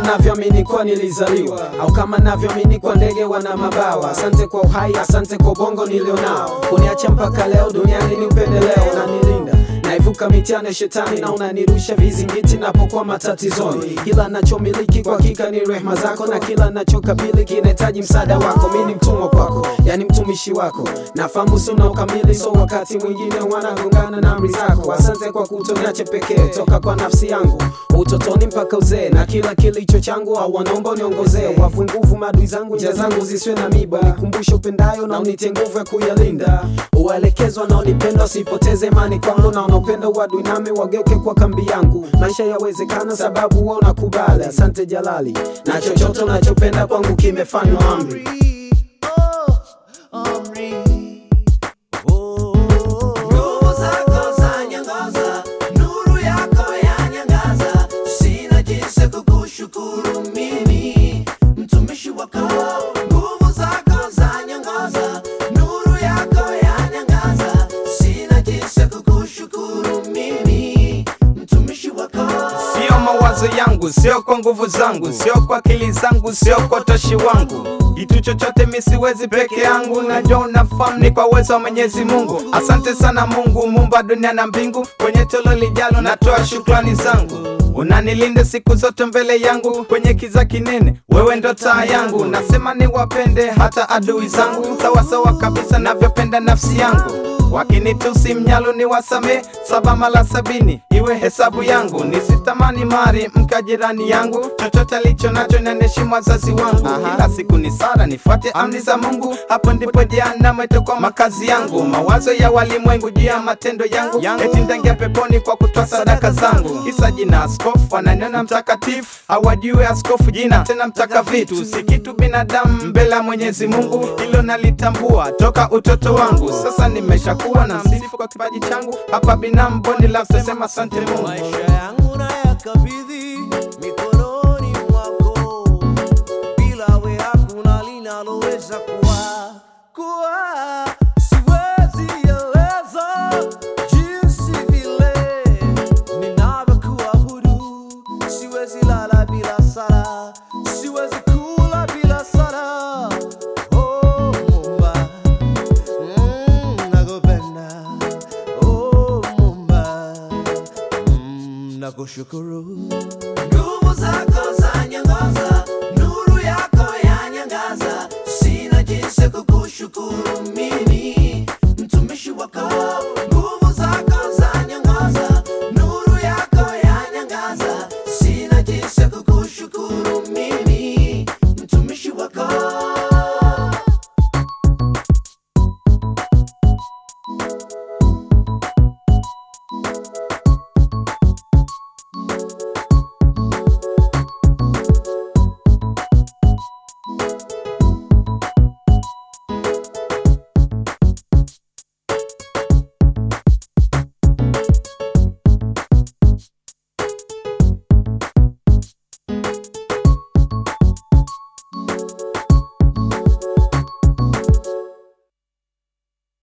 kama navyoamini kwa nilizaliwa au kama navyoamini kwa ndege wana mabawa. Asante kwa uhai, asante kwa ubongo nilionao, kuniacha mpaka leo duniani ni upendeleo na nilini tukamitiane shetani na unanirusha vizingiti napokuwa matatizoni. Kila nachomiliki kwa hakika ni rehema zako, na kila nachokabili kinahitaji msaada wako. Mimi ni mtumwa kwako, yani mtumishi wako, nafahamu si suna ukamili, so wakati mwingine wanagongana na amri zako. Asante kwa kutoniache pekee toka kwa nafsi yangu utotoni mpaka uzee, na kila kilicho changu au wanaomba uniongozee. Wafu nguvu maadui zangu, njia zangu zisiwe na miba, nikumbushe upendayo na unitie nguvu ya kuyalinda, uelekezwa na unipenda, usipoteze imani kwangu na unaopenda wapenda duniani wageuke kwa kambi yangu, maisha yawezekana sababu wao nakubali. Asante Jalali, na chochote unachopenda kwangu kimefanywa amri. Oh, oh, oh, oh. nuru yako mawazo yangu, sio kwa nguvu zangu, sio kwa akili zangu, sio kwa toshi wangu. Kitu chochote mi siwezi peke yangu, najua unafahamu ni kwa uwezo wa Mwenyezi Mungu. Asante sana Mungu mumba dunia na mbingu, kwenye tolo lijalo natoa shukrani zangu unanilinde siku zote mbele yangu, kwenye kiza kinene, wewe ndo taa yangu. Nasema niwapende hata adui zangu, sawasawa kabisa navyopenda nafsi yangu wakinitusi mnyalu ni wasame saba mala sabini iwe hesabu yangu, nisitamani mari mkajirani yangu, chochote alicho nacho naneshima wazazi wangu. Kila siku ni sara, nifuate amri za Mungu, hapo ndipo jehanamu makazi yangu. Mawazo ya walimwengu juu ya matendo yangu, eti ndangia peponi kwa kutoa sadaka zangu. kisa jina askofu ananiona mtakatifu, awajue askofu jina tena mtaka vitu, si kitu binadamu mbele ya Mwenyezi Mungu, hilo nalitambua toka utoto wangu. Sasa nimesha kuwa na msifu kwa kipaji changu hapa binamu bondi la sesema asante Mungu. Maisha yangu na yakabidhi mikononi mwako, bila we hakuna linaloweza kuwa kuwa, siwezi eleza Ninakushukuru nguvu zako za nyangaza, nuru yako yanyangaza, sina jinsi kukushukuru mimi.